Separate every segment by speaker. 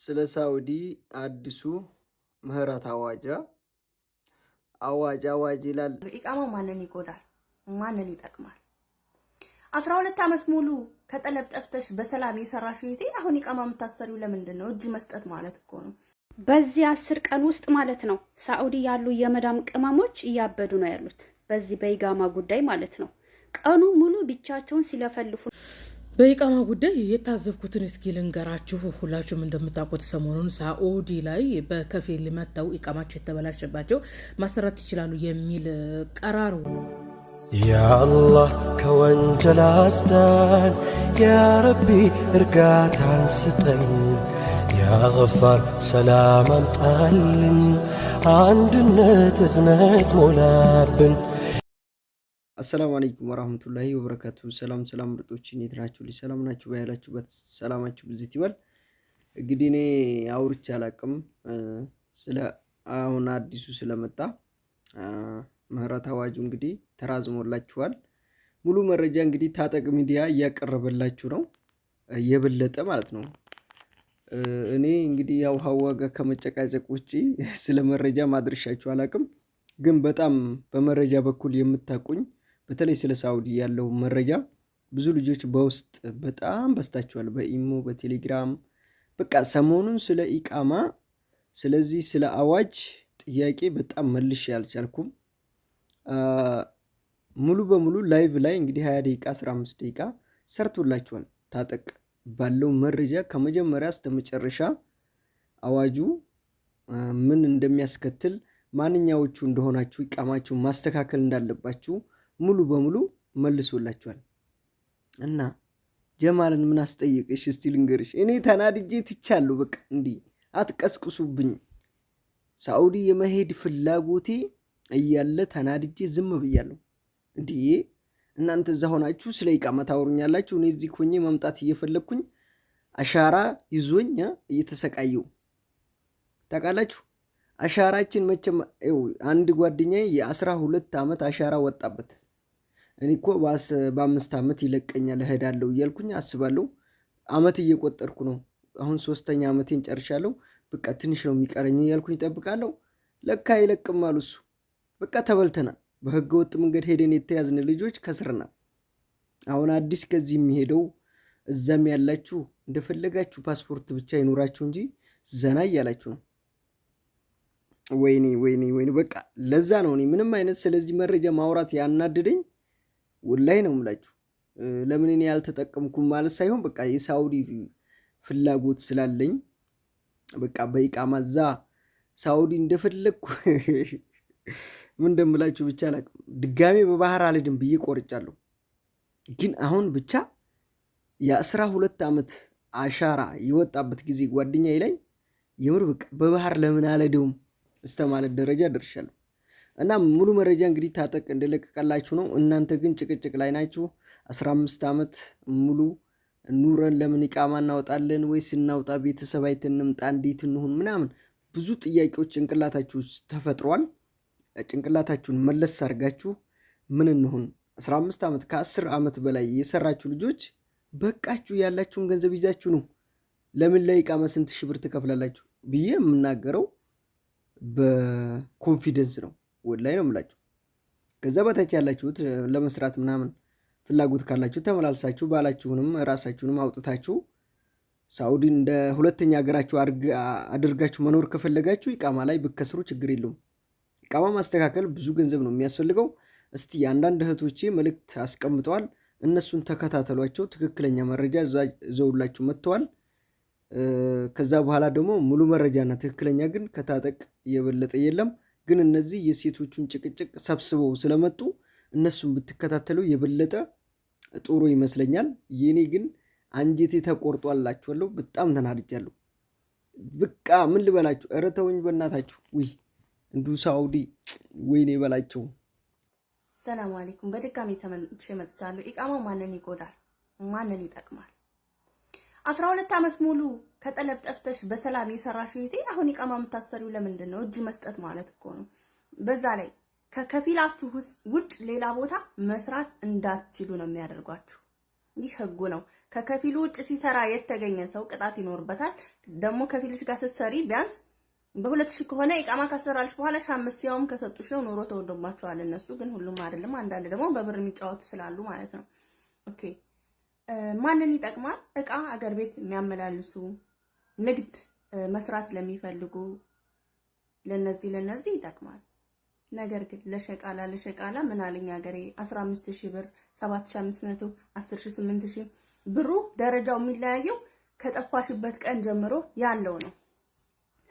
Speaker 1: ስለ ሳውዲ አዲሱ ምህረት አዋጃ አዋጅ አዋጅ ይላል።
Speaker 2: ኢቃማ ማንን ይጎዳል? ማንን ይጠቅማል? አስራ ሁለት አመት ሙሉ ከጠለብ ጠፍተሽ በሰላም የሰራሽ እህቴ አሁን ኢቃማ የምታሰሪው ለምንድን ነው? እጅ መስጠት ማለት እኮ ነው። በዚህ አስር ቀን ውስጥ ማለት ነው ሳኡዲ ያሉ የመዳም ቅመሞች እያበዱ ነው ያሉት በዚህ በኢቃማ ጉዳይ ማለት ነው። ቀኑ ሙሉ ብቻቸውን ሲለፈልፉ በኢቃማ ጉዳይ የታዘብኩትን እስኪ ልንገራችሁ። ሁላችሁም እንደምታውቁት ሰሞኑን ሳኡዲ ላይ በከፊል መጥተው ኢቃማቸው የተበላሸባቸው ማሰራት ይችላሉ የሚል ቀራሩ
Speaker 1: ያአላህ ከወንጀል አስዳን፣ ያረቢ እርጋታን ስጠኝ፣ ያገፋር ሰላም አምጣልን፣ አንድነት እዝነት ሞላብን አሰላሙ አለይኩም ወራህመቱላሂ ወበረካቱ። ሰላም ሰላም ምርጦች እንዴት ናችሁ? ሰላም ናችሁ? ባያላችሁበት ሰላማችሁ ብዝት ይበል። እንግዲህ እኔ አውርቼ አላቅም ስለ አሁን አዲሱ ስለመጣ ምህረት አዋጁ እንግዲህ ተራዝሞላችኋል። ሙሉ መረጃ እንግዲህ ታጠቅ ሚዲያ እያቀረበላችሁ ነው የበለጠ ማለት ነው። እኔ እንግዲህ ያው ሀዋ ጋር ከመጨቃጨቅ ውጭ ስለ መረጃ ማድረሻችሁ አላቅም፣ ግን በጣም በመረጃ በኩል የምታቁኝ በተለይ ስለ ሳውዲ ያለው መረጃ ብዙ ልጆች በውስጥ በጣም በስታችኋል። በኢሞ በቴሌግራም በቃ ሰሞኑን ስለ ኢቃማ ስለዚህ ስለ አዋጅ ጥያቄ በጣም መልሽ አልቻልኩም። ሙሉ በሙሉ ላይቭ ላይ እንግዲህ 20 ደቂቃ 15 ደቂቃ ሰርቶላችኋል። ታጠቅ ባለው መረጃ ከመጀመሪያ እስከ መጨረሻ አዋጁ ምን እንደሚያስከትል ማንኛዎቹ እንደሆናችሁ ኢቃማችሁ ማስተካከል እንዳለባችሁ ሙሉ በሙሉ መልሶላችኋል እና ጀማልን ምን አስጠየቅሽ? እስቲ ልንገርሽ፣ እኔ ተናድጄ ትቻለሁ። በቃ እንዲህ አትቀስቅሱብኝ። ሳኡዲ የመሄድ ፍላጎቴ እያለ ተናድጄ ዝም ብያለሁ። እንዲህ እናንተ እዛ ሆናችሁ ስለ ኢቃማ ታወሩኛላችሁ። እኔ እዚህ ሆኜ መምጣት እየፈለግኩኝ አሻራ ይዞኛ እየተሰቃየው ታውቃላችሁ። አሻራችን መቼም አንድ ጓደኛ የአስራ ሁለት ዓመት አሻራ ወጣበት። እኔ እኮ በአምስት ዓመት ይለቀኛል እሄዳለሁ እያልኩኝ አስባለሁ። ዓመት እየቆጠርኩ ነው። አሁን ሶስተኛ ዓመቴን ጨርሻለሁ። በቃ ትንሽ ነው የሚቀረኝ እያልኩኝ ይጠብቃለሁ። ለካ አይለቅም አሉ እሱ። በቃ ተበልተናል። በህገ ወጥ መንገድ ሄደን የተያዝን ልጆች ከስርናል። አሁን አዲስ ከዚህ የሚሄደው እዛም ያላችሁ እንደፈለጋችሁ ፓስፖርት ብቻ ይኖራችሁ እንጂ ዘና እያላችሁ ነው። ወይኔ ወይኔ ወይኔ! በቃ ለዛ ነው እኔ ምንም አይነት ስለዚህ መረጃ ማውራት ያናድደኝ። ወላይ ነው ምላችሁ። ለምን እኔ ያልተጠቀምኩም ማለት ሳይሆን በቃ የሳውዲ ፍላጎት ስላለኝ በቃ በኢቃማ እዛ ሳውዲ እንደፈለግኩ ምን እንደምላችሁ ብቻ አላቅም። ድጋሜ በባህር አልሄድም ብዬ ቆርጫለሁ። ግን አሁን ብቻ የአስራ ሁለት ዓመት አሻራ የወጣበት ጊዜ ጓደኛ ላይ የምር በቃ በባህር ለምን አልሄደውም እስከ ማለት ደረጃ ደርሻለሁ። እና ሙሉ መረጃ እንግዲህ ታጠቅ እንደለቀቀላችሁ ነው። እናንተ ግን ጭቅጭቅ ላይ ናችሁ። 15 ዓመት ሙሉ ኑረን ለምን ይቃማ እናወጣለን ወይስ እናውጣ፣ ቤተሰብ አይተን እንምጣ፣ እንዴት እንሁን ምናምን ብዙ ጥያቄዎች ጭንቅላታችሁ ተፈጥሯል። ጭንቅላታችሁን መለስ አድርጋችሁ ምን እንሁን 15 ዓመት ከ10 ዓመት በላይ የሰራችሁ ልጆች በቃችሁ። ያላችሁን ገንዘብ ይዛችሁ ነው ለምን ላይ ቃመ ስንት ሺህ ብር ትከፍላላችሁ ብዬ የምናገረው በኮንፊደንስ ነው። ወደ ላይ ነው የምላችሁ። ከዛ በታች ያላችሁት ለመስራት ምናምን ፍላጎት ካላችሁ ተመላልሳችሁ ባላችሁንም ራሳችሁንም አውጥታችሁ ሳውዲ እንደ ሁለተኛ ሀገራችሁ አድርጋችሁ መኖር ከፈለጋችሁ ኢቃማ ላይ ብከስሩ ችግር የለውም። ኢቃማ ማስተካከል ብዙ ገንዘብ ነው የሚያስፈልገው። እስቲ የአንዳንድ እህቶቼ መልእክት አስቀምጠዋል። እነሱን ተከታተሏቸው። ትክክለኛ መረጃ ዘውላችሁ መጥተዋል። ከዛ በኋላ ደግሞ ሙሉ መረጃና ትክክለኛ ግን ከታጠቅ የበለጠ የለም። ግን እነዚህ የሴቶቹን ጭቅጭቅ ሰብስበው ስለመጡ እነሱን ብትከታተሉ የበለጠ ጥሩ ይመስለኛል። የኔ ግን አንጀቴ ተቆርጧላችኋለሁ። በጣም ተናድጃለሁ። በቃ ምን ልበላችሁ? ኧረ ተውኝ በእናታችሁ። ውይ እንዱ ሳውዲ ወይኔ በላቸው።
Speaker 2: ሰላም አለይኩም። በድጋሚ ተመልሼ መጥቻለሁ። ኢቃማው ማንን ይጎዳል? ማንን ይጠቅማል? አስራ ሁለት ዓመት ሙሉ ከጠለብ በሰላም የሰራሽ እህቴ አሁን ይቃማ የምታሰሪው ለምንድን ነው? እጅ መስጠት ማለት እኮ ነው። በዛ ላይ ከከፊላችሁ ውጭ ሌላ ቦታ መስራት እንዳትችሉ ነው የሚያደርጓችሁ። ይህ ህጉ ነው። ከከፊሉ ውጭ ሲሰራ የተገኘ ሰው ቅጣት ይኖርበታል። ደግሞ ከፊልሽ ጋር ስትሰሪ ቢያንስ በሁለት ሺህ ከሆነ ኢቃማ ካሰራልሽ በኋላ ሻምስ ያውም ከሰጡሽ ነው ኑሮ ተወዶባቸዋል። እነሱ ግን ሁሉም አይደለም። አንዳንድ ደግሞ በብር የሚጫወቱ ስላሉ ማለት ነው። ኦኬ ማንን ይጠቅማል? እቃ አገር ቤት የሚያመላልሱ ንግድ መስራት ለሚፈልጉ ለነዚህ ለነዚህ ይጠቅማል። ነገር ግን ለሸቃላ ለሸቃላ ምን አለኝ ሀገሬ 15000 ብር 7500 10800 ብሩ ደረጃው የሚለያየው ከጠፋሽበት ቀን ጀምሮ ያለው ነው።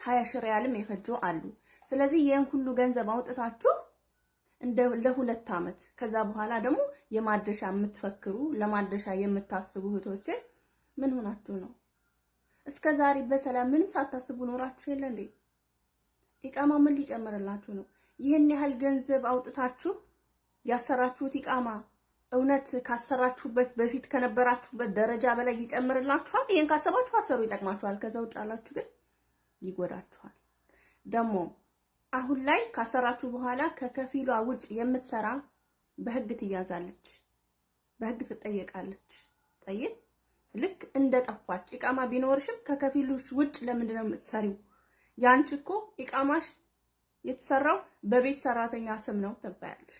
Speaker 2: 20 ሺህ ሪያልም የፈጁ አሉ። ስለዚህ ይህን ሁሉ ገንዘብ አውጥታችሁ እንደ ለሁለት አመት ከዛ በኋላ ደግሞ የማደሻ የምትፈክሩ ለማደሻ የምታስቡ እህቶችን ምን ሆናችሁ ነው? እስከ ዛሬ በሰላም ምንም ሳታስቡ ኖራችሁ የለ እንዴ? ኢቃማ ምን ሊጨምርላችሁ ነው? ይህን ያህል ገንዘብ አውጥታችሁ ያሰራችሁት ኢቃማ እውነት ካሰራችሁበት በፊት ከነበራችሁበት ደረጃ በላይ ይጨምርላችኋል? ይህን ካሰባችሁ አሰሩ፣ ይጠቅማችኋል። ከዛ ውጭ አላችሁ ግን ይጎዳችኋል። ደግሞ አሁን ላይ ካሰራችሁ በኋላ ከከፊሏ ውጭ የምትሰራ በህግ ትያዛለች፣ በህግ ትጠየቃለች። ጠይቅ ልክ እንደ ጠፋች ኢቃማ ቢኖርሽም ከከፊሎች ውጭ ለምንድን ነው የምትሰሪው? ያንቺ እኮ ኢቃማሽ የተሰራው በቤት ሰራተኛ ስም ነው ትባያለሽ።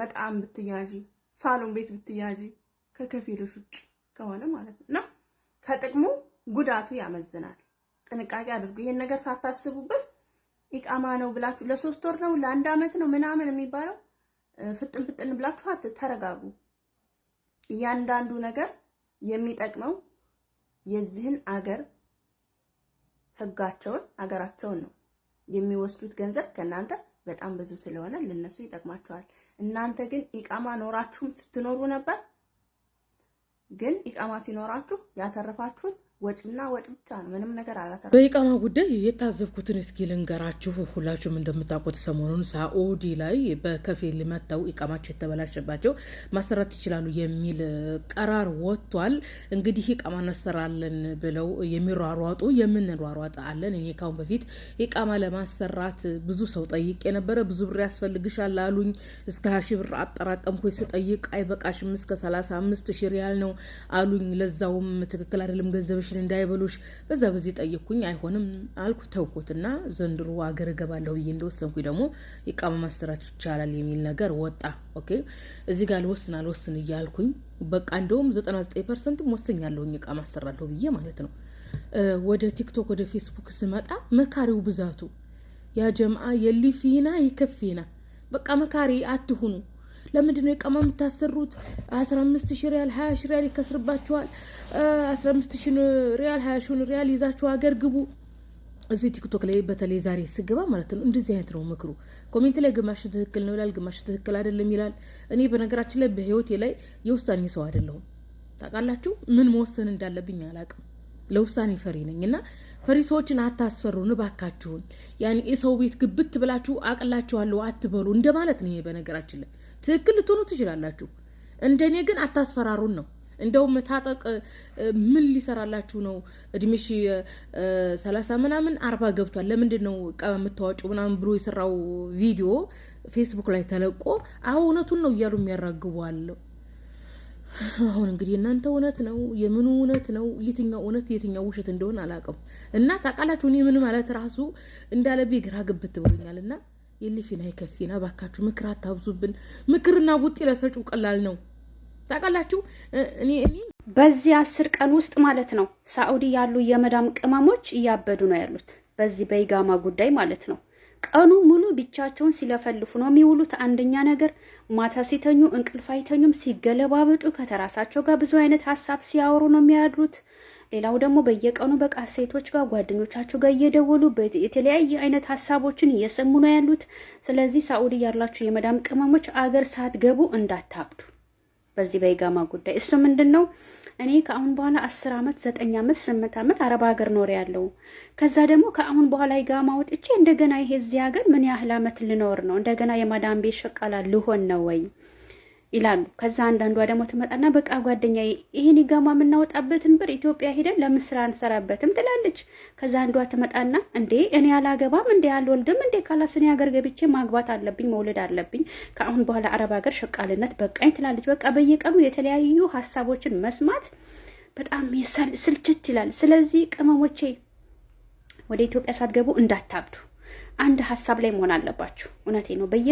Speaker 2: መጣም ብትያዥ፣ ሳሎን ቤት ብትያዥ ከከፊሎች ውጭ ከሆነ ማለት ነው። እና ከጥቅሙ ጉዳቱ ያመዝናል። ጥንቃቄ አድርጉ። ይሄን ነገር ሳታስቡበት ኢቃማ ነው ብላችሁ ለሶስት ወር ነው ለአንድ አመት ነው ምናምን የሚባለው ፍጥን ፍጥን ብላችሁ ተረጋጉ። እያንዳንዱ ነገር የሚጠቅመው የዚህን አገር ህጋቸውን አገራቸውን ነው የሚወስዱት ገንዘብ ከእናንተ በጣም ብዙ ስለሆነ ለነሱ ይጠቅማቸዋል። እናንተ ግን ኢቃማ ኖራችሁም ስትኖሩ ነበር። ግን ኢቃማ ሲኖራችሁ ያተረፋችሁት ወጪና ወጪ ብቻ ነው። ምንም ነገር አላተ በኢቃማ ጉዳይ የታዘብኩትን እስኪ ልንገራችሁ። ሁላችሁም እንደምታውቁት ሰሞኑን ሳኡዲ ላይ በከፊል መጥተው ኢቃማቸው የተበላሸባቸው ማሰራት ይችላሉ የሚል ቀራር ወጥቷል። እንግዲህ ኢቃማ እናሰራለን ብለው የሚሯሯጡ የምንሯሯጥ አለን። እኔ ካሁን በፊት ኢቃማ ለማሰራት ብዙ ሰው ጠይቄ ነበረ። ብዙ ብር ያስፈልግሻል አሉኝ። እስከ ሀሺ ብር አጠራቀምኩ። ስጠይቅ አይበቃሽም እስከ አምስት ሺ ሪያል ነው አሉኝ። ለዛውም ትክክል አይደለም ገንዘብሽ ምግቦችን እንዳይበሉሽ በዛ በዚህ ጠየቅኩኝ። አይሆንም አልኩ ተውኩትና ዘንድሮ አገር እገባለሁ ብዬ እንደወሰንኩኝ ደግሞ ኢቃማ ማሰራት ይቻላል የሚል ነገር ወጣ። ኦኬ እዚህ ጋር ልወስን አልወስን እያልኩኝ በቃ እንደውም ዘጠና ዘጠኝ ፐርሰንት ወስኛለሁኝ ኢቃማ አሰራለሁ ብዬ ማለት ነው። ወደ ቲክቶክ ወደ ፌስቡክ ስመጣ መካሪው ብዛቱ ያ ጀምአ የሊፊና ይከፊና በቃ መካሪ አትሁኑ ለምንድን ነው የቀማ የምታሰሩት? አስራ አምስት ሺ ሪያል ሀያ ሺ ሪያል ይከስርባችኋል። አስራ አምስት ሺ ሪያል ሀያ ሪያል ይዛችሁ ሀገር ግቡ። እዚህ ቲክቶክ ላይ በተለይ ዛሬ ስገባ ማለት ነው እንደዚህ አይነት ነው ምክሩ። ኮሜንት ላይ ግማሽ ትክክል ነው ይላል፣ ግማሽ ትክክል አይደለም ይላል። እኔ በነገራችን ላይ በህይወቴ ላይ የውሳኔ ሰው አይደለሁም። ታውቃላችሁ፣ ምን መወሰን እንዳለብኝ አላውቅም። ለውሳኔ ፈሪ ነኝ እና ፈሪ ሰዎችን አታስፈሩ እባካችሁን። ያኔ የሰው ቤት ግብት ብላችሁ አቅላችኋለሁ አትበሉ እንደማለት ነው። ይሄ በነገራችን ላይ ትክክል ልትሆኑ ትችላላችሁ። እንደኔ ግን አታስፈራሩን ነው። እንደውም ታጠቅ ምን ሊሰራላችሁ ነው? እድሜሽ ሰላሳ ምናምን አርባ ገብቷል። ለምንድን ነው ቀበ የምታወጪው ምናምን ብሎ የሰራው ቪዲዮ ፌስቡክ ላይ ተለቆ አሁ እውነቱን ነው እያሉ የሚያራግቧለው። አሁን እንግዲህ እናንተ እውነት ነው የምኑ እውነት ነው የትኛው እውነት የትኛው ውሸት እንደሆነ አላውቅም። እና ታውቃላችሁ እኔ ምን ማለት ራሱ እንዳለቤ ግራ ግብት ብሎኛል እና ይልፊና ይከፊና ባካችሁ፣ ምክር አታብዙብን። ምክርና ውጤ ለሰጩ ቀላል ነው ታውቃላችሁ። እኔ እኔ በዚህ አስር ቀን ውስጥ ማለት ነው ሳዑዲ ያሉ የመዳም ቅመሞች እያበዱ ነው ያሉት፣ በዚህ በይጋማ ጉዳይ ማለት ነው። ቀኑ ሙሉ ብቻቸውን ሲለፈልፉ ነው የሚውሉት። አንደኛ ነገር ማታ ሲተኙ እንቅልፍ አይተኙም። ሲገለባበጡ ከተራሳቸው ጋር ብዙ አይነት ሀሳብ ሲያወሩ ነው የሚያድሩት። ሌላው ደግሞ በየቀኑ በቃ ሴቶች ጋር ጓደኞቻቸው ጋር እየደወሉ የተለያየ አይነት ሀሳቦችን እየሰሙ ነው ያሉት። ስለዚህ ሳኡዲ ያላችሁ የመዳም ቅመሞች አገር ሳትገቡ እንዳታብዱ በዚህ በይጋማ ጉዳይ። እሱ ምንድን ነው እኔ ከአሁን በኋላ አስር አመት ዘጠኝ አመት ስምንት አመት አረብ ሀገር ኖር ያለው ከዛ ደግሞ ከአሁን በኋላ ይጋማ ወጥቼ እንደገና ይሄ እዚህ ሀገር ምን ያህል አመት ልኖር ነው? እንደገና የማዳም ቤት ሸቃላ ልሆን ነው ወይ ይላሉ። ከዛ አንዳንዷ ደግሞ ትመጣና በቃ ጓደኛ ይህን ይጋማ የምናወጣበትን ብር ኢትዮጵያ ሄደን ለምን ስራ አንሰራበትም ትላለች። ከዛ አንዷ ትመጣና እንዴ እኔ አላገባም እንዴ አልወልድም እንዴ ካላስ እኔ ሀገር ገብቼ ማግባት አለብኝ መውለድ አለብኝ ከአሁን በኋላ አረብ ሀገር ሸቃልነት በቃኝ ትላለች። በቃ በየቀኑ የተለያዩ ሀሳቦችን መስማት በጣም ስልችት ይላል። ስለዚህ ቅመሞቼ ወደ ኢትዮጵያ ሳትገቡ እንዳታብዱ አንድ ሀሳብ ላይ መሆን አለባችሁ። እውነቴ ነው በየ